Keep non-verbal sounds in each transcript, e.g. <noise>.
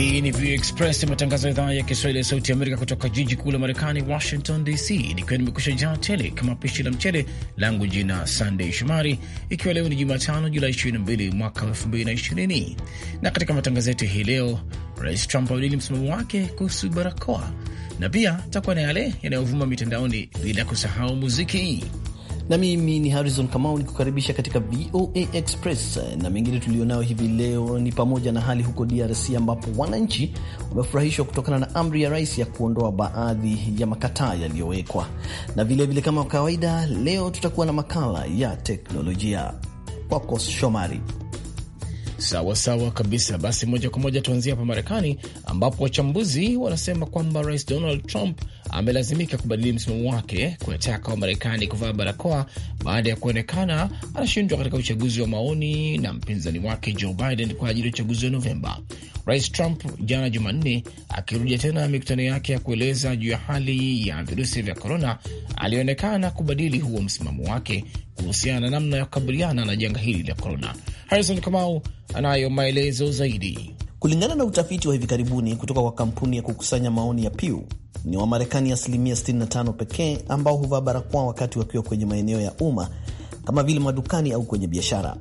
Hii ni VOA Express, matangazo ya idhaa ya Kiswahili ya Sauti Amerika kutoka jiji kuu la Marekani, Washington DC, nikiwa nimekusha jaa tele kama pishi la mchele langu. Jina Sandey Shomari, ikiwa leo ni Jumatano Julai 22 mwaka 2020. Na katika matangazo yetu hii leo, Rais Trump abadili msimamo wake kuhusu barakoa, na pia takuwa na yale yanayovuma mitandaoni, bila kusahau muziki na mimi ni Harrison Kamau nikukaribisha katika VOA Express. Na mengine tulionayo hivi leo ni pamoja na hali huko DRC ambapo wananchi wamefurahishwa kutokana na amri ya rais ya kuondoa baadhi ya makataa yaliyowekwa, na vilevile vile kama kawaida, leo tutakuwa na makala ya teknolojia. Kwako Shomari. Sawa sawa kabisa. Basi moja kwa moja tuanzie hapa Marekani, ambapo wachambuzi wanasema kwamba rais Donald Trump amelazimika kubadili msimamo wake kuwataka Wamarekani kuvaa barakoa baada ya kuonekana anashindwa katika uchaguzi wa maoni na mpinzani wake Joe Biden kwa ajili ya uchaguzi wa Novemba. Rais Trump jana Jumanne, akirudia tena mikutano yake ya kueleza juu ya hali ya virusi vya korona, alionekana kubadili huo msimamo wake kuhusiana na namna ya kukabiliana na janga hili la korona. Harrison Kamau anayo maelezo zaidi. Kulingana na utafiti wa hivi karibuni kutoka kwa kampuni ya kukusanya maoni ya Pew, ni wa marekani asilimia 65 pekee ambao huvaa barakoa wakati wakiwa kwenye maeneo ya umma kama vile madukani au kwenye biashara.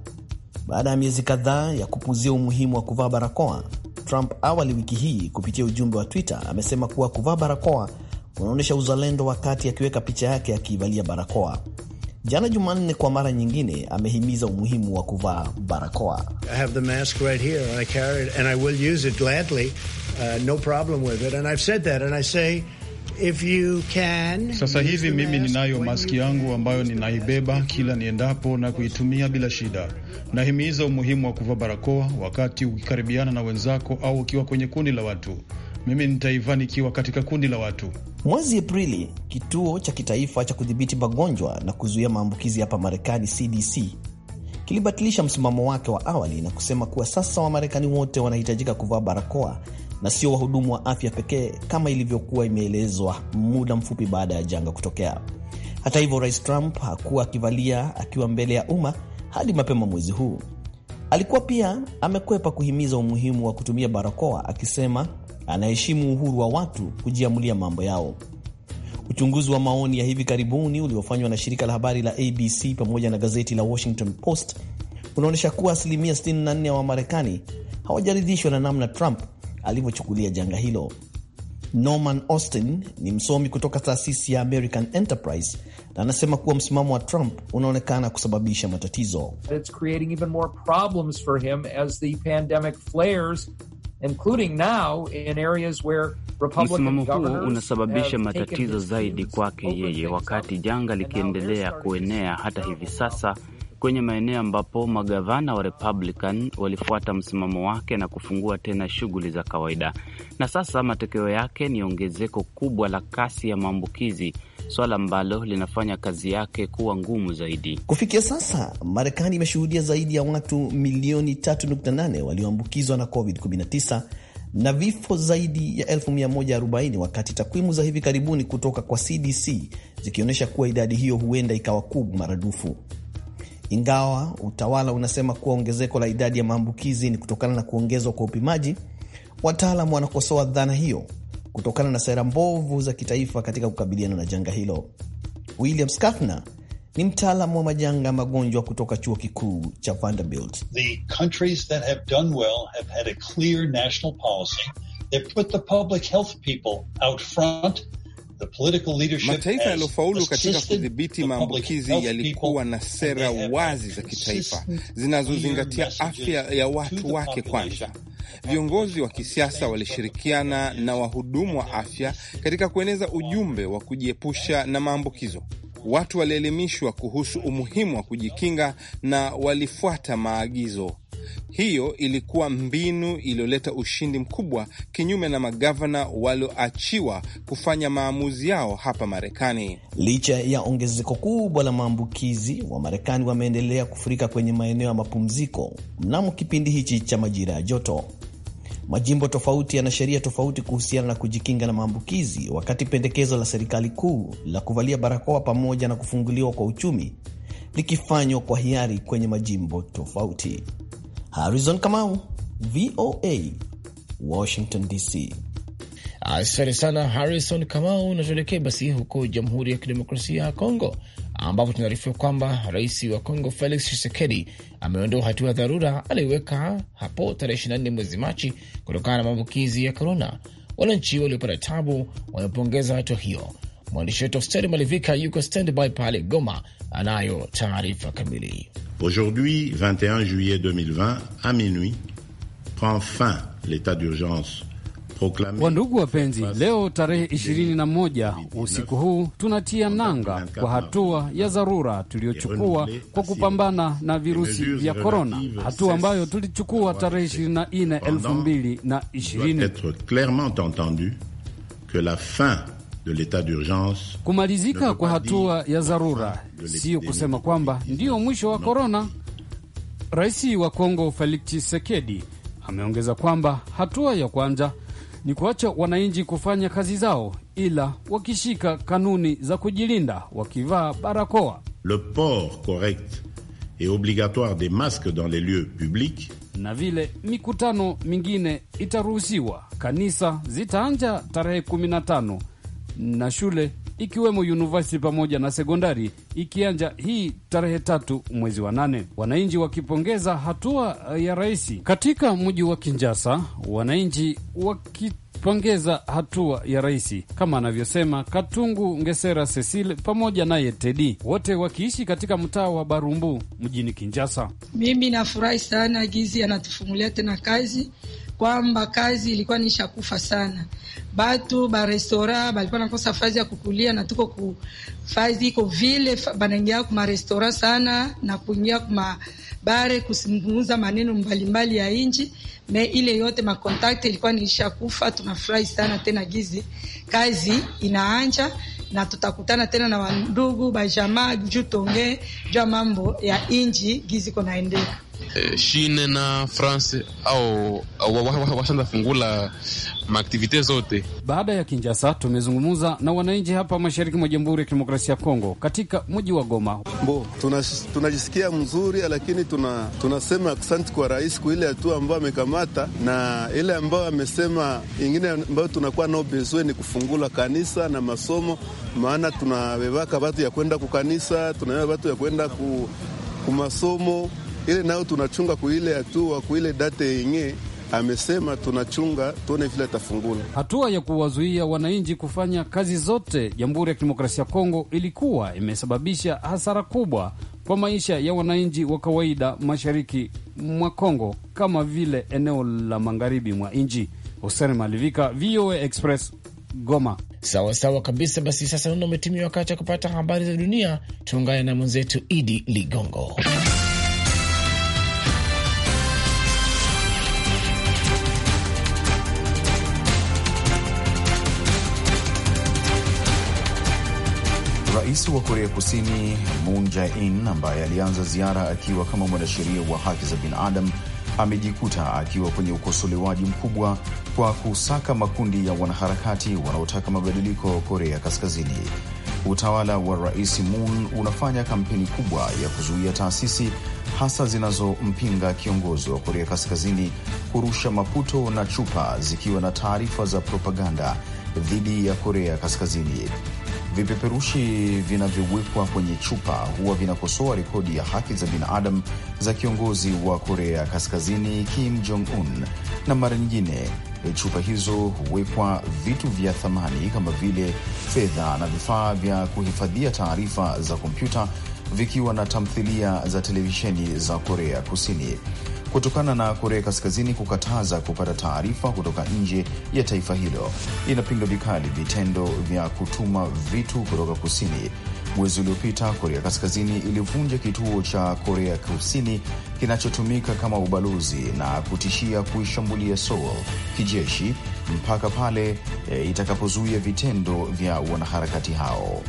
Baada ya miezi kadhaa ya kupuzia umuhimu wa kuvaa barakoa, Trump awali wiki hii kupitia ujumbe wa Twitter amesema kuwa kuvaa barakoa kunaonyesha uzalendo, wakati akiweka picha yake akiivalia barakoa jana Jumanne kwa mara nyingine amehimiza umuhimu wa kuvaa barakoa. Uh, Sasa hivi mimi ninayo maski yangu ambayo ninaibeba kila niendapo na kuitumia bila shida. Nahimiza umuhimu wa kuvaa barakoa wakati ukikaribiana na wenzako au ukiwa kwenye kundi la watu mimi nitaivanikiwa katika kundi la watu. Mwezi Aprili, kituo cha kitaifa cha kudhibiti magonjwa na kuzuia maambukizi hapa Marekani, CDC, kilibatilisha msimamo wake wa awali na kusema kuwa sasa Wamarekani wote wanahitajika kuvaa barakoa na sio wahudumu wa afya pekee kama ilivyokuwa imeelezwa muda mfupi baada ya janga kutokea. Hata hivyo, Rais Trump hakuwa akivalia akiwa mbele ya umma hadi mapema mwezi huu. Alikuwa pia amekwepa kuhimiza umuhimu wa kutumia barakoa, akisema anaheshimu uhuru wa watu kujiamulia mambo yao. Uchunguzi wa maoni ya hivi karibuni uliofanywa na shirika la habari la ABC pamoja na gazeti la Washington Post unaonyesha kuwa asilimia 64 ya Wamarekani hawajaridhishwa na namna Trump alivyochukulia janga hilo. Norman Austin ni msomi kutoka taasisi ya American Enterprise na anasema kuwa msimamo wa Trump unaonekana kusababisha matatizo. It's creating even more problems for him as the pandemic flares including now in areas where Msimamo huo unasababisha matatizo zaidi kwake yeye, wakati janga likiendelea kuenea hata hivi sasa kwenye maeneo ambapo magavana wa Republican walifuata msimamo wake na kufungua tena shughuli za kawaida, na sasa matokeo yake ni ongezeko kubwa la kasi ya maambukizi, swala ambalo linafanya kazi yake kuwa ngumu zaidi. Kufikia sasa, Marekani imeshuhudia zaidi ya watu milioni 3.8 walioambukizwa na COVID-19 na vifo zaidi ya 140 wakati takwimu za hivi karibuni kutoka kwa CDC zikionyesha kuwa idadi hiyo huenda ikawa kubwa maradufu ingawa utawala unasema kuwa ongezeko la idadi ya maambukizi ni kutokana na kuongezwa kwa upimaji. Wataalam wanakosoa dhana hiyo kutokana na sera mbovu za kitaifa katika kukabiliana na janga hilo. William Schaffner ni mtaalamu wa majanga ya magonjwa kutoka chuo kikuu cha Vanderbilt. Mataifa yaliyofaulu katika kudhibiti maambukizi yalikuwa na sera wazi za kitaifa zinazozingatia afya ya watu wake kwanza. Viongozi wa kisiasa walishirikiana na wahudumu wa afya katika kueneza ujumbe wa kujiepusha na maambukizo. Watu walielimishwa kuhusu umuhimu wa kujikinga na walifuata maagizo hiyo ilikuwa mbinu iliyoleta ushindi mkubwa, kinyume na magavana walioachiwa kufanya maamuzi yao hapa Marekani. Licha ya ongezeko kubwa la maambukizi, wa marekani wameendelea kufurika kwenye maeneo ya mapumziko mnamo kipindi hichi cha majira ya joto. Majimbo tofauti yana sheria tofauti kuhusiana na kujikinga na maambukizi, wakati pendekezo la serikali kuu la kuvalia barakoa pamoja na kufunguliwa kwa uchumi likifanywa kwa hiari kwenye majimbo tofauti. Harrison Kamau, VOA, Washington DC. Asante sana Harrison Kamau. Na basi huko Jamhuri ya Kidemokrasia ya Kongo, ambapo tunaarifiwa kwamba rais wa Kongo Felix Tshisekedi ameondoa hatua ya dharura aliyoweka hapo tarehe 24 mwezi Machi kutokana na maambukizi ya korona. Wananchi waliopata tabu wamepongeza hatua hiyo. Mwandishi wetu Hosteri Malivika yuko standby pale Goma, anayo taarifa kamili. Aujourd'hui 21 juillet 2020 a minuit prend fin l'état d'urgence Wandugu wapenzi, leo tarehe 21 usiku huu tunatia nanga kwa hatua ya dharura tuliyochukua kwa kupambana na virusi vya korona, hatua ambayo tulichukua tarehe 24 2020. Kumalizika kwa hatua ya dharura siyo kusema kwamba ndiyo mwisho wa korona. Rais wa Kongo Felix Tshisekedi ameongeza kwamba hatua ya kwanza ni kuacha wananchi kufanya kazi zao, ila wakishika kanuni za kujilinda, wakivaa barakoa. Le port correct et obligatoire des masques dans les lieux publics na vile mikutano mingine itaruhusiwa. Kanisa zitaanja tarehe 15 na shule ikiwemo yunivasiti pamoja na sekondari ikianja hii tarehe tatu mwezi wa nane. Wananchi wakipongeza hatua ya rais katika mji wa Kinjasa, wananchi waki pongeza hatua ya rais kama anavyosema Katungu Ngesera Cecil pamoja naye Tedi, wote wakiishi katika mtaa wa Barumbu mjini Kinjasa. Mimi nafurahi sana gizi anatufungulia tena kazi, kwamba kazi ilikuwa nishakufa sana, batu ba restora balikuwa nakosa fazi ya kukulia, na tuko ku fazi iko vile banaingia kuma restora sana na kuingia kuma bare kusimuza maneno mbalimbali ya inji me ile yote makontakti ilikuwa kufa. Tunafurahi sana tena gizi kazi inaanja na tutakutana tena na wandugu bajamaa juu tonge juu mambo ya inji gizi konaendeka Eh, Chine na France au, au fungula maaktivite zote. Baada ya kinjasa tumezungumza na wananchi hapa mashariki mwa Jamhuri ya Kidemokrasia ya Kongo katika mji wa Goma. Mbo, tunajisikia tuna mzuri, lakini tunasema asante kwa rais kwa ile hatua ambayo amekamata na ile ambayo amesema ingine ambayo tunakuwa nao bezwe ni kufungula kanisa na masomo, maana tunawevaka watu ya kwenda kukanisa, tunabeba watu ya kwenda ku, kumasomo ile nayo tunachunga kuile hatua kuile date yenye amesema tunachunga tuone vile atafungula. Hatua ya kuwazuia wananchi kufanya kazi zote Jamhuri ya Kidemokrasia ya Kongo ilikuwa imesababisha hasara kubwa kwa maisha ya wananchi wa kawaida mashariki mwa Kongo kama vile eneo la magharibi mwa nchi. Hoseni Malivika, VOA Express, Goma. Sawa sawa kabisa. Basi sasa, umetimia wakati wa kupata habari za dunia. Tuungane na mwenzetu Idi Ligongo. wa Korea Kusini Moon Jae-in ambaye alianza ziara akiwa kama mwanasheria wa haki za binadamu amejikuta akiwa kwenye ukosolewaji mkubwa kwa kusaka makundi ya wanaharakati wanaotaka mabadiliko Korea Kaskazini. Utawala wa Rais Moon unafanya kampeni kubwa ya kuzuia taasisi hasa zinazompinga kiongozi wa Korea Kaskazini kurusha maputo na chupa zikiwa na taarifa za propaganda dhidi ya Korea Kaskazini. Vipeperushi vinavyowekwa kwenye chupa huwa vinakosoa rekodi ya haki za binadamu za kiongozi wa Korea Kaskazini Kim Jong Un, na mara nyingine chupa hizo huwekwa vitu vya thamani kama vile fedha na vifaa vya kuhifadhia taarifa za kompyuta vikiwa na tamthilia za televisheni za Korea Kusini kutokana na Korea Kaskazini kukataza kupata taarifa kutoka nje ya taifa hilo. Inapinga vikali vitendo vya kutuma vitu kutoka kusini. Mwezi uliopita, Korea Kaskazini ilivunja kituo cha Korea Kusini kinachotumika kama ubalozi na kutishia kuishambulia Seoul kijeshi mpaka pale e, itakapozuia vitendo vya wanaharakati hao.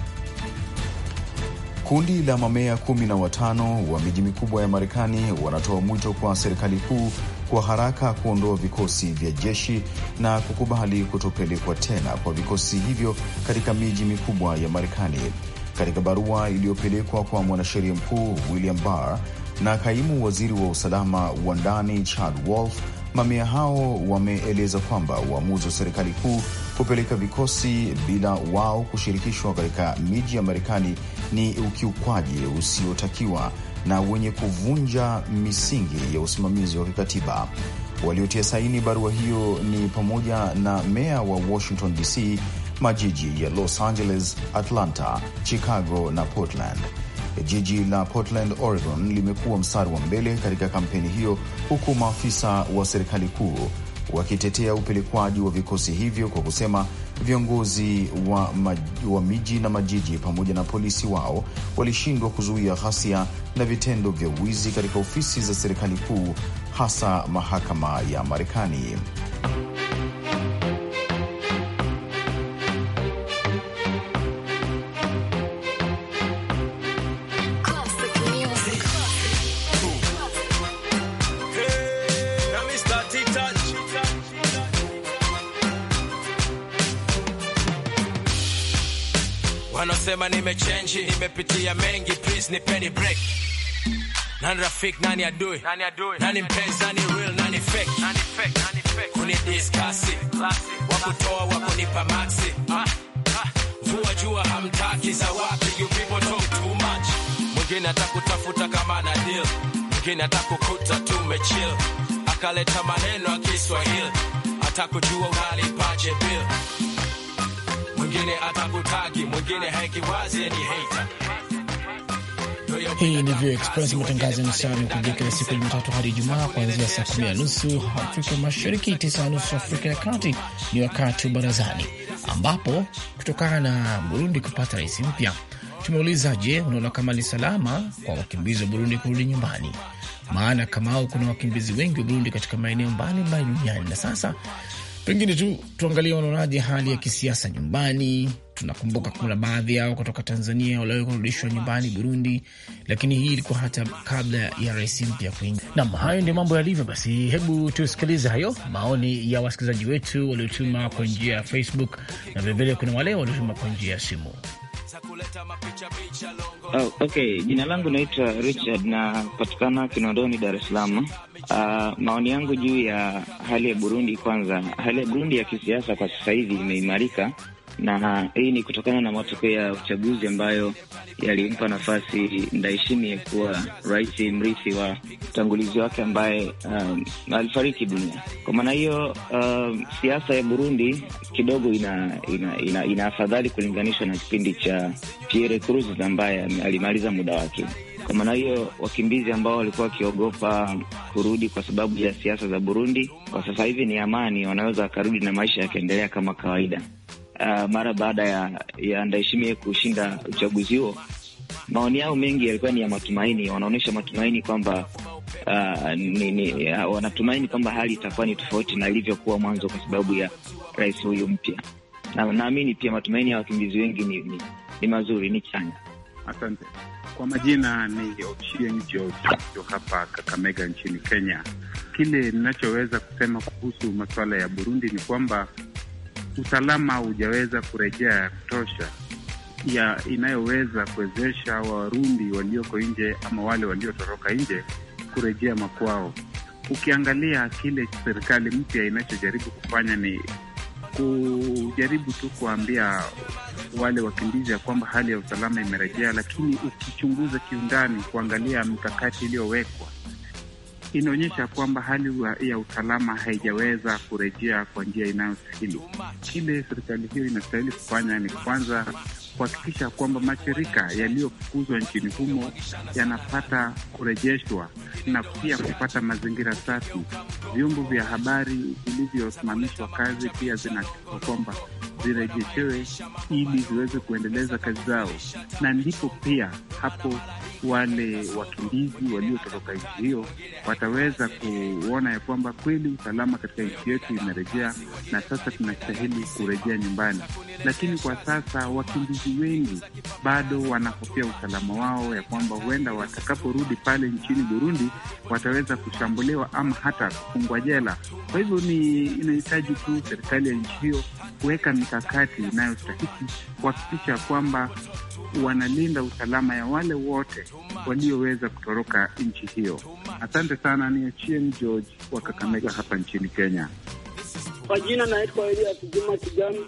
Kundi la mameya kumi na watano wa miji mikubwa ya Marekani wanatoa mwito kwa serikali kuu kwa haraka kuondoa vikosi vya jeshi na kukubali kutopelekwa tena kwa vikosi hivyo katika miji mikubwa ya Marekani. Katika barua iliyopelekwa kwa mwanasheria mkuu William Barr na kaimu waziri wa usalama wa ndani Chad Wolf, mameya hao wameeleza kwamba uamuzi wa serikali kuu kupeleka vikosi bila wao kushirikishwa katika miji ya Marekani ni ukiukwaji usiotakiwa na wenye kuvunja misingi ya usimamizi wa kikatiba. Waliotia saini barua hiyo ni pamoja na meya wa Washington DC, majiji ya Los Angeles, Atlanta, Chicago na Portland. Jiji la Portland, Oregon limekuwa mstari wa mbele katika kampeni hiyo, huku maafisa wa serikali kuu wakitetea upelekwaji wa vikosi hivyo kwa kusema viongozi wa, wa miji na majiji pamoja na polisi wao walishindwa kuzuia ghasia na vitendo vya wizi katika ofisi za serikali kuu, hasa mahakama ya Marekani. Wanaosema nimechenji, nimepitia mengi, please nipeni break. Nani rafik nani adui, nani mpenzi, nani real, nani fake, kunidiskasi, wakutoa wakunipa maxi vua ah, ah. jua hamtaki za wapi, you people talk too much. Mwingine atakutafuta kama na deal, mwingine atakukuta tumechill, akaleta maneno ya Kiswahili, atakujua unalipaje bill mwingine atakutagi, mwingine ni hater. Hii ni Vio Express, matangazo ya msani kuja kila siku Jumatatu hadi Ijumaa, kuanzia saa kumi na nusu Afrika Mashariki, tisa na nusu Afrika ya Kati. Ni wakati wa Barazani, ambapo kutokana na Burundi kupata rais mpya tumeuliza, je, unaona kama ni salama kwa wakimbizi wa Burundi kurudi nyumbani? Maana kamao kuna wakimbizi wengi wa Burundi katika maeneo mbalimbali duniani na sasa Pengine tu tuangalie wanaonaje hali ya kisiasa nyumbani. Tunakumbuka kuna baadhi yao kutoka Tanzania walio kurudishwa nyumbani Burundi, lakini hii ilikuwa hata kabla ya rais mpya kuingia. Nam, hayo ndio mambo yalivyo. Basi hebu tusikilize hayo maoni ya wasikilizaji wetu waliotuma kwa njia ya Facebook na vilevile kuna wale waliotuma kwa njia ya simu. Oh, okay, jina langu naitwa Richard na patikana Kinondoni, Dar es Salaam. Uh, maoni yangu juu ya hali ya Burundi, kwanza hali ya Burundi ya kisiasa kwa sasa hivi imeimarika na hii ni kutokana na matokeo ya uchaguzi ambayo yalimpa nafasi Ndayishimiye kuwa rais mrithi wa mtangulizi wake ambaye um, alifariki dunia. Kwa maana hiyo um, siasa ya Burundi kidogo ina ina, ina, ina afadhali kulinganishwa na kipindi cha Pierre Nkurunziza ambaye alimaliza muda wake. Kwa maana hiyo wakimbizi ambao walikuwa wakiogopa kurudi kwa sababu ya siasa za Burundi, kwa sasa hivi ni amani, wanaweza wakarudi na maisha yakaendelea kama kawaida uh, mara baada ya, ya Ndayishimiye kushinda uchaguzi huo, maoni yao mengi yalikuwa ni ya matumaini, wanaonyesha matumaini kwamba uh, ni, ni, uh, wanatumaini kwamba hali itakuwa ni tofauti na ilivyokuwa mwanzo kwa sababu ya rais huyu mpya, na naamini pia matumaini ya wakimbizi wengi ni, ni, ni mazuri, ni chanya. Asante. Kwa majina ni Ochieng George hapa Kakamega nchini Kenya. Kile ninachoweza kusema kuhusu masuala ya Burundi ni kwamba usalama haujaweza kurejea ya kutosha ya inayoweza kuwezesha Warundi walioko nje ama wale waliotoroka nje kurejea makwao. Ukiangalia kile serikali mpya inachojaribu kufanya ni kujaribu tu kuambia wale wakimbizi ya kwamba hali ya usalama imerejea, lakini ukichunguza kiundani, kuangalia mikakati iliyowekwa inaonyesha kwamba hali ya usalama haijaweza kurejea kwa njia inayostahili. Kile serikali hiyo inastahili kufanya ni kwanza kuhakikisha kwamba mashirika yaliyofukuzwa nchini humo yanapata kurejeshwa na pia kupata mazingira safi. Vyombo vya habari vilivyosimamishwa kazi pia zinahakikisha kwamba zirejeshewe ili ziweze kuendeleza kazi zao, na ndipo pia hapo wale wakimbizi waliotoroka nchi hiyo wataweza kuona ya kwamba kweli usalama katika nchi yetu imerejea, na sasa tunastahili kurejea nyumbani. Lakini kwa sasa wakimbizi wengi bado wanahofia usalama wao, ya kwamba huenda watakaporudi pale nchini Burundi wataweza kushambuliwa ama hata kufungwa jela. Kwa hivyo ni inahitaji tu serikali ya nchi hiyo kuweka mikakati inayostahiki kuhakikisha kwamba wanalinda usalama ya wale wote walioweza kutoroka nchi hiyo. Asante sana, ni Achien George wa Kakamega hapa nchini Kenya. Kwa jina naitwa Elia Kigoma Kigami,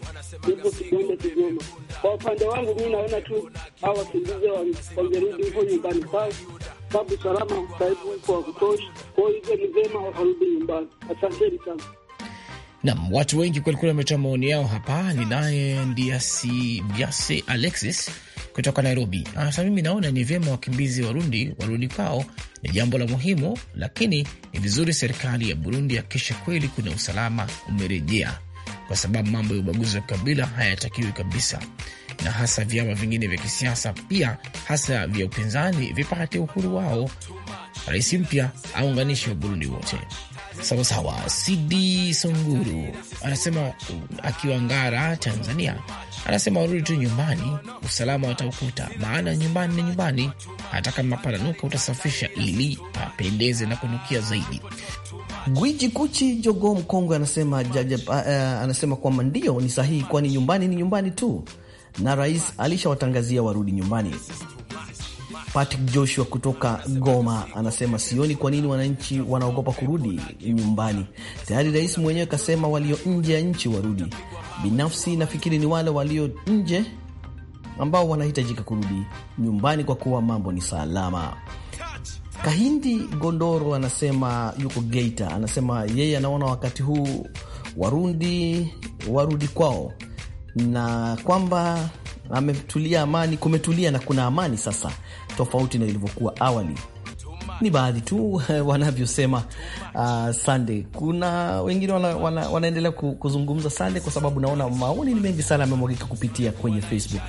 nipo Kigombe, Kigoma. Kwa upande wangu, mi naona tu hawa wakimbizi wangerudi huko nyumbani kwao, sababu salama saibu uko wa kutosha. Kwa hiyo ni vyema warudi nyumbani. Asanteni sana. Nam, watu wengi kwelikweli wametoa maoni yao hapa. Ninaye Ndiasi Biase Alexis kutoka Nairobi anasema ah, mimi naona ni vyema wakimbizi Warundi warudi kwao, ni jambo la muhimu, lakini ni vizuri serikali ya Burundi hakikisha kweli kuna usalama umerejea, kwa sababu mambo ya ubaguzi wa kabila hayatakiwi kabisa, na hasa vyama vingine vya kisiasa pia hasa vya upinzani vipate uhuru wao. Rais mpya aunganishe burundi wote. Sawa sawa. Sidi Sunguru anasema akiwa Ngara, Tanzania, anasema warudi tu nyumbani, usalama wataukuta, maana nyumbani ni nyumbani, hata kama pananuka utasafisha ili apendeze na kunukia zaidi. Gwiji Kuchi Jogo Mkongwe anasema jaja, uh, anasema kwamba ndio ni sahihi, kwani nyumbani ni nyumbani tu, na rais alishawatangazia warudi nyumbani. Patrick Joshua kutoka Goma anasema sioni kwa nini wananchi wanaogopa kurudi nyumbani. Tayari rais mwenyewe kasema walio nje ya nchi warudi. Binafsi nafikiri ni wale walio nje ambao wanahitajika kurudi nyumbani kwa kuwa mambo ni salama. Kahindi Gondoro anasema yuko Geita, anasema yeye anaona wakati huu Warundi warudi kwao na kwamba ametulia amani, kumetulia na kuna amani sasa, tofauti na ilivyokuwa awali. Ni baadhi tu <laughs> wanavyosema. Uh, ah, Sande, kuna wengine wana, wana, wanaendelea kuzungumza Sande, kwa sababu naona maoni ni mengi sana yamemwagika kupitia kwenye Facebook.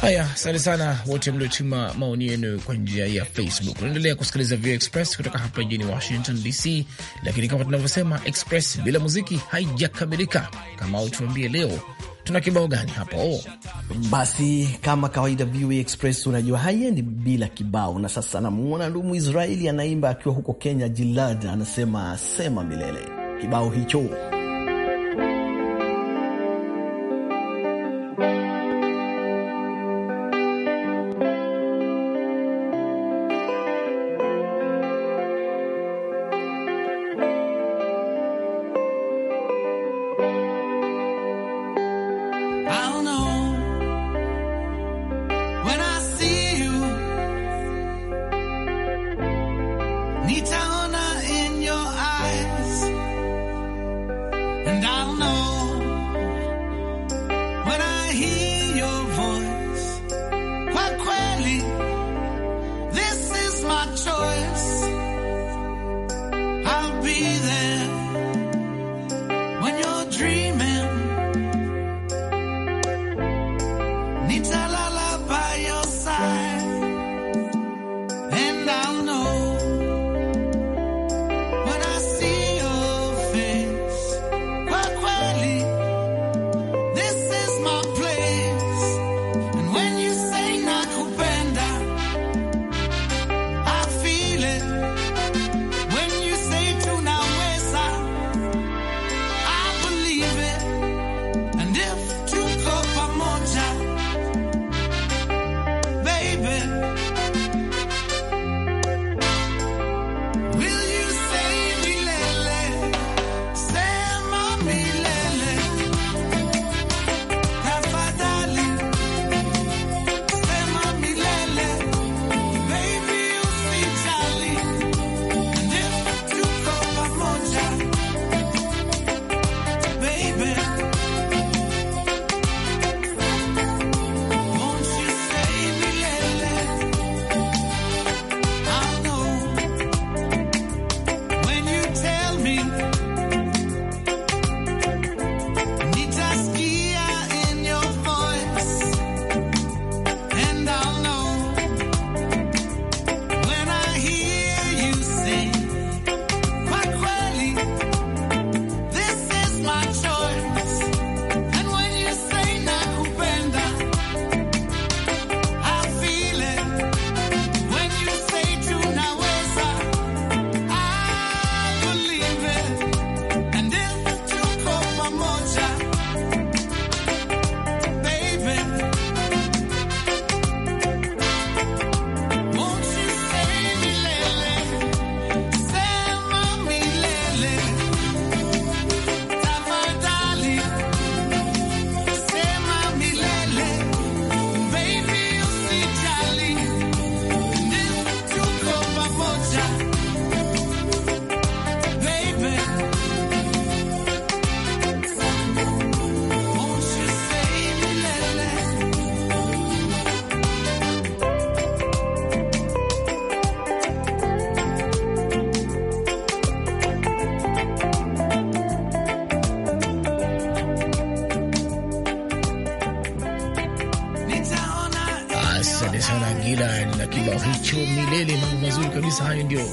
Haya, asante sana wote mliotuma maoni yenu kwa njia ya Facebook. Unaendelea kusikiliza VOA Express kutoka hapa jijini Washington DC, lakini kama tunavyosema, Express bila muziki haijakamilika. Kama au tuambie leo tuna kibao gani hapo? Oh. Basi kama kawaida, VOA Express unajua haiendi bila kibao, na sasa namuona Ndumu Israeli anaimba akiwa huko Kenya. Jilad anasema sema milele, kibao hicho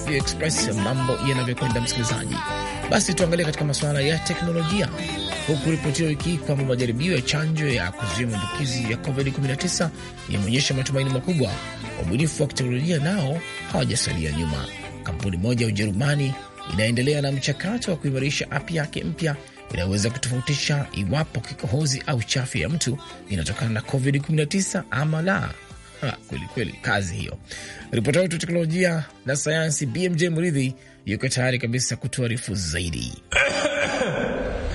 VOA Express mambo yanavyokwenda, msikilizaji. Basi tuangalie katika masuala ya teknolojia, huku ripoti wiki hii kwamba majaribio ya chanjo ya kuzuia maambukizi ya COVID-19 yameonyesha matumaini makubwa. Wabunifu wa teknolojia nao hawajasalia nyuma. Kampuni moja ya Ujerumani inaendelea na mchakato wa kuimarisha app yake mpya inayoweza kutofautisha iwapo kikohozi au chafu ya mtu inatokana na COVID-19 ama la kweli kweli, kazi hiyo. Ripota wetu teknolojia na sayansi BMJ Mridhi yuko tayari kabisa kutuarifu zaidi.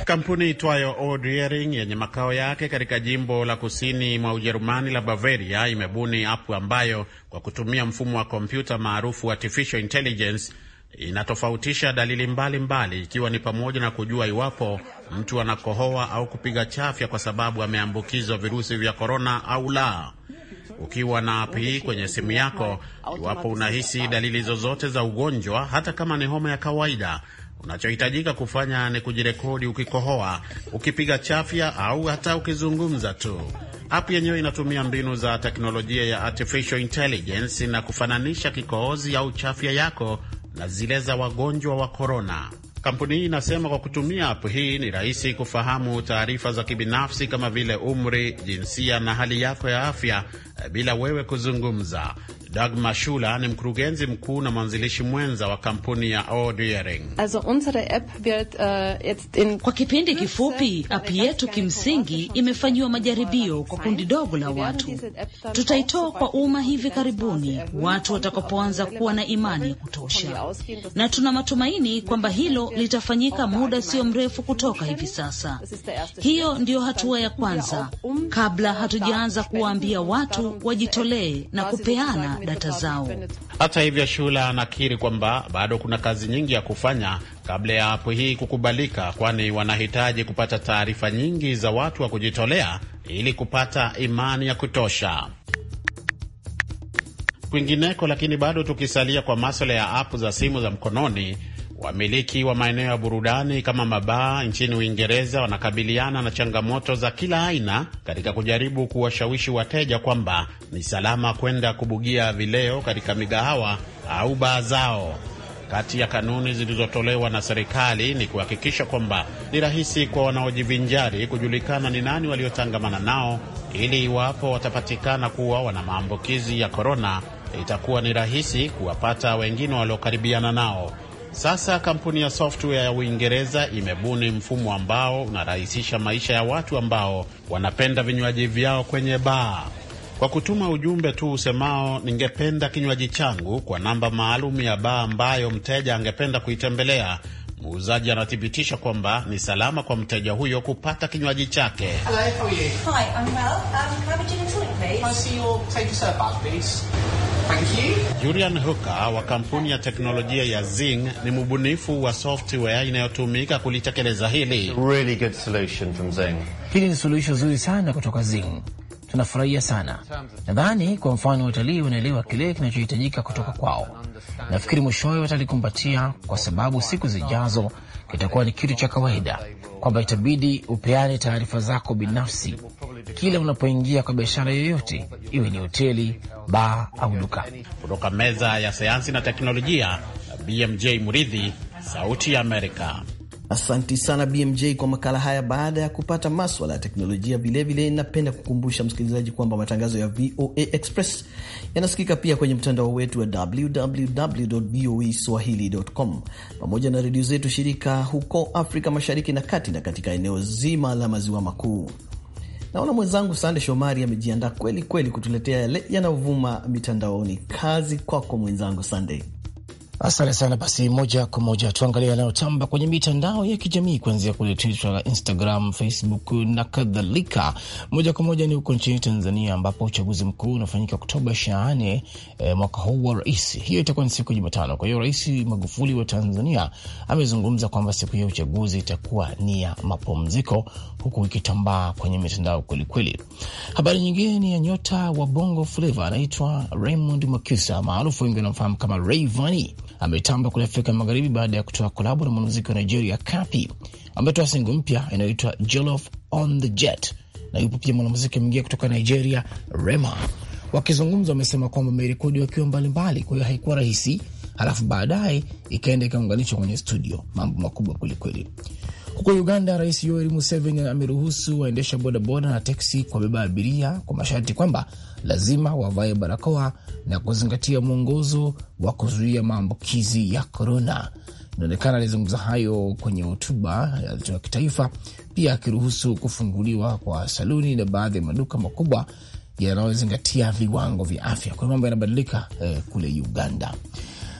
Kampuni itwayo Odering yenye makao yake katika jimbo la kusini mwa Ujerumani la Bavaria imebuni apu ambayo kwa kutumia mfumo wa kompyuta maarufu artificial intelligence inatofautisha dalili mbalimbali mbali, ikiwa ni pamoja na kujua iwapo mtu anakohoa au kupiga chafya kwa sababu ameambukizwa virusi vya korona au la ukiwa na api kwenye simu yako. Iwapo unahisi dalili zozote za ugonjwa, hata kama ni homa ya kawaida, unachohitajika kufanya ni kujirekodi ukikohoa, ukipiga chafya au hata ukizungumza tu. App yenyewe inatumia mbinu za teknolojia ya artificial intelligence na kufananisha kikohozi au chafya yako na zile za wagonjwa wa korona. Kampuni hii inasema kwa kutumia ap hii ni rahisi kufahamu taarifa za kibinafsi kama vile umri, jinsia na hali yako ya afya eh, bila wewe kuzungumza. Dagmar ni mkurugenzi mkuu na mwanzilishi mwenza wa kampuni ya Odd Also unsere app wird, uh, jetzt in... Kwa kipindi kifupi app yetu kimsingi imefanyiwa majaribio kwa kundi dogo la watu. Tutaitoa kwa umma hivi karibuni watu watakapoanza kuwa na imani ya kutosha, na tuna matumaini kwamba hilo litafanyika muda sio mrefu kutoka hivi sasa. Hiyo ndiyo hatua ya kwanza um kabla hatujaanza kuwaambia watu wajitolee na kupeana data zao. Hata hivyo, Shula anakiri kwamba bado kuna kazi nyingi ya kufanya kabla ya apu hii kukubalika, kwani wanahitaji kupata taarifa nyingi za watu wa kujitolea ili kupata imani ya kutosha. Kwingineko, lakini bado tukisalia kwa maswala ya apu za simu za mkononi Wamiliki wa maeneo ya burudani kama mabaa nchini Uingereza wanakabiliana na changamoto za kila aina katika kujaribu kuwashawishi wateja kwamba ni salama kwenda kubugia vileo katika migahawa au baa zao. Kati ya kanuni zilizotolewa na serikali ni kuhakikisha kwamba ni rahisi kwa wanaojivinjari kujulikana ni nani waliotangamana nao, ili iwapo watapatikana kuwa wana maambukizi ya korona, itakuwa ni rahisi kuwapata wengine waliokaribiana nao. Sasa kampuni ya software ya Uingereza imebuni mfumo ambao unarahisisha maisha ya watu ambao wanapenda vinywaji vyao kwenye baa kwa kutuma ujumbe tu usemao ningependa kinywaji changu kwa namba maalum ya baa ambayo mteja angependa kuitembelea. Muuzaji anathibitisha kwamba ni salama kwa mteja huyo kupata kinywaji chake. Hello, Julian Hooker wa kampuni ya teknolojia ya Zing ni mbunifu wa software inayotumika kulitekeleza hili. Really good solution from Zing. Hili ni suluhisho zuri sana kutoka Zing tunafurahia sana. Nadhani kwa mfano watalii wanaelewa kile kinachohitajika kutoka kwao. Nafikiri mwishowe watalikumbatia, kwa sababu siku zijazo kitakuwa ni kitu cha kawaida kwamba itabidi upeane taarifa zako binafsi kila unapoingia kwa biashara yoyote, iwe ni hoteli, baa au duka. Kutoka meza ya sayansi na teknolojia, BMJ Muridhi, Sauti ya Amerika. Asanti sana BMJ kwa makala haya. Baada ya kupata maswala ya teknolojia, vilevile napenda kukumbusha msikilizaji kwamba matangazo ya VOA Express yanasikika pia kwenye mtandao wetu wa www voa swahili.com pamoja na redio zetu shirika huko Afrika Mashariki na kati na katika eneo zima la maziwa makuu. Naona mwenzangu Sande Shomari amejiandaa kweli kweli kutuletea yale yanayovuma mitandaoni. Kazi kwako mwenzangu Sande. Asante sana. Basi moja kwa moja tuangalia yanayotamba kwenye mitandao ya kijamii kuanzia kule Twitter, Instagram, Facebook na kadhalika. Moja kwa moja ni huko nchini Tanzania, ambapo uchaguzi mkuu unafanyika Oktoba 28 eh, mwaka huu wa rais. Hiyo itakuwa ni siku ya Jumatano. Kwa hiyo Rais Magufuli wa Tanzania amezungumza kwamba siku hiyo uchaguzi itakuwa ni ya mapumziko, huku ikitambaa kwenye mitandao kwelikweli. Habari nyingine ni ya nyota wa Bongo fleva, anaitwa Raymond Makusa, maarufu wengi wanamfahamu kama Rayvanny ametamba kule Afrika Magharibi baada ya kutoa kolabo na mwanamuziki wa Nigeria Kapi. Ametoa singo mpya inayoitwa Jollof on the Jet, na yupo pia mwanamuziki mwingine kutoka Nigeria Rema. Wakizungumza wamesema kwamba amerekodi wakiwa mbalimbali, kwa hiyo haikuwa rahisi, halafu baadaye ikaenda ikaunganishwa kwenye studio. Mambo makubwa kwelikweli. Huko Uganda, Rais Yoweri Museveni ameruhusu waendesha bodaboda na teksi kuwabeba abiria kwa masharti kwamba lazima wavae barakoa na kuzingatia mwongozo wa kuzuia maambukizi ya korona. Inaonekana alizungumza hayo kwenye hotuba ya kitaifa, pia akiruhusu kufunguliwa kwa saluni na baadhi ya maduka makubwa yanayozingatia viwango vya afya. Kwa mambo yanabadilika eh, kule Uganda.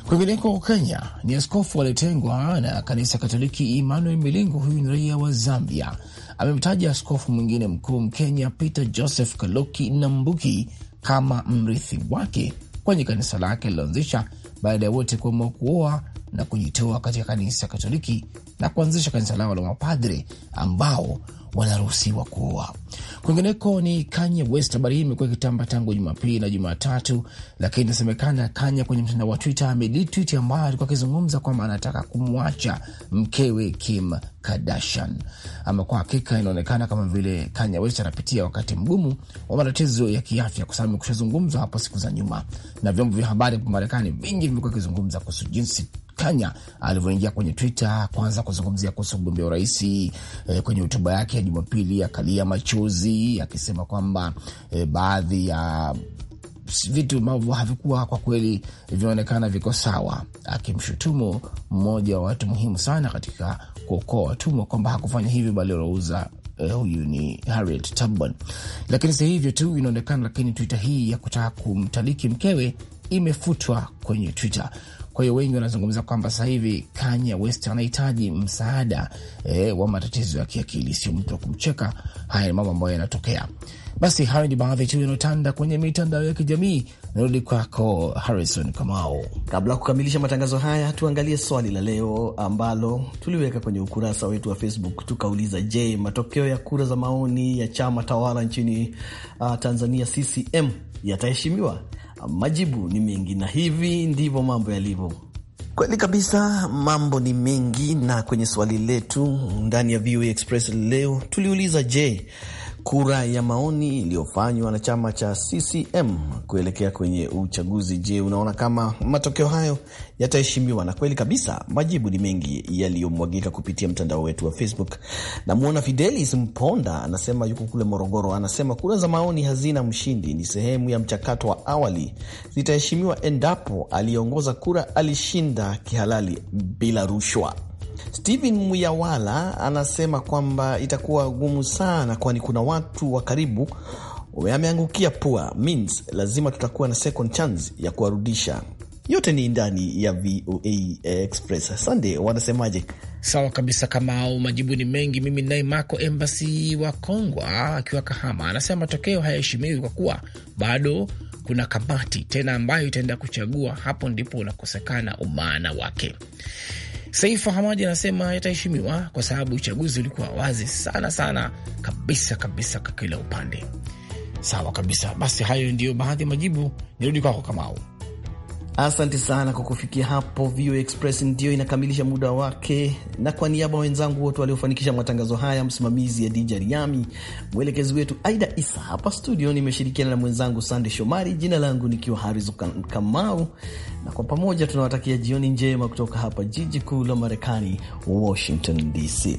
Kwingineko Kenya, ni askofu alitengwa na kanisa Katoliki Emmanuel Milingo. Huyu ni raia wa Zambia amemtaja askofu mwingine mkuu Mkenya Peter Joseph Kaloki Nambuki kama mrithi wake kwenye kanisa lake liloanzisha baada ya wote kuamua kuoa na kujitoa katika kanisa Katoliki na kuanzisha kanisa lao la mapadre ambao wanaruhusiwa kuoa. Kwingineko ni Kanye West. Habari hii imekuwa ikitamba tangu Jumapili na Jumatatu, lakini inasemekana Kanye kwenye mtandao wa Twitter amelitwiti ambayo alikuwa akizungumza kwamba anataka kumwacha mkewe Kim Kardashian. Ama kwa hakika inaonekana kama vile Kanye West anapitia wakati mgumu wa matatizo ya kiafya, kwa sababu imekushazungumzwa hapo siku za nyuma, na vyombo vya habari hapa Marekani vingi vimekuwa ikizungumza kuhusu jinsi Kanya alivyoingia kwenye Twitter kwanza kuzungumzia kuhusu mgombea urais e, kwenye hotuba yake ya Jumapili akalia machozi akisema kwamba e, baadhi ya vitu ambavyo havikuwa kwa kweli vinaonekana viko sawa, akimshutumu mmoja wa watu muhimu sana katika kuokoa watumwa kwamba hakufanya hivyo, bali aliouza eh, huyu ni Harriet Tubman, lakini si hivyo tu inaonekana. Lakini Twitter hii ya kutaka kumtaliki mkewe imefutwa kwenye Twitter. Kwa hiyo wengi wanazungumza kwamba sasa hivi Kanye West anahitaji msaada e, wa matatizo ya kiakili, sio mtu wa kumcheka. Haya ni mambo ambayo yanatokea. Basi hayo ni baadhi tu yanayotanda kwenye mitandao ya kijamii. Narudi kwako Harrison Kamao. Kabla ya kukamilisha matangazo haya, tuangalie swali la leo ambalo tuliweka kwenye ukurasa wetu wa Facebook. Tukauliza, je, matokeo ya kura za maoni ya chama tawala nchini uh, Tanzania CCM yataheshimiwa? majibu ni mengi, na hivi ndivyo mambo yalivyo. Kweli kabisa, mambo ni mengi, na kwenye swali letu ndani ya VOA Express leo tuliuliza, je, kura ya maoni iliyofanywa na chama cha CCM kuelekea kwenye uchaguzi. Je, unaona kama matokeo hayo yataheshimiwa? Na kweli kabisa, majibu ni mengi yaliyomwagika kupitia mtandao wetu wa Facebook. Namwona Fidelis Mponda anasema yuko kule Morogoro, anasema kura za maoni hazina mshindi, ni sehemu ya mchakato wa awali, zitaheshimiwa endapo aliyeongoza kura alishinda kihalali bila rushwa. Steven Muyawala anasema kwamba itakuwa gumu sana, kwani kuna watu wa karibu wameangukia pua means, lazima tutakuwa na second chance ya kuwarudisha. Yote ni ndani ya VOA Express. Sunday wanasemaje? Sawa kabisa, kama au majibu ni mengi. Mimi naye Mako Embassy wa Kongwa akiwa Kahama anasema matokeo hayaheshimiwi kwa kuwa bado kuna kamati tena ambayo itaenda kuchagua. Hapo ndipo unakosekana umaana wake. Saifu Hamadi anasema yataheshimiwa kwa sababu uchaguzi ulikuwa wazi sana sana kabisa kabisa kwa kila upande. Sawa kabisa, basi hayo ndiyo baadhi ya majibu. Nirudi kwako Kamau. Asante sana kwa kufikia hapo. VOA Express ndio inakamilisha muda wake, na kwa niaba wenzangu wote waliofanikisha matangazo haya, msimamizi ya Dija Riami, mwelekezi wetu Aida Isa, hapa studio nimeshirikiana na mwenzangu Sande Shomari, jina langu nikiwa Harizo Kamau, na kwa pamoja tunawatakia jioni njema kutoka hapa jiji kuu la Marekani, Washington DC.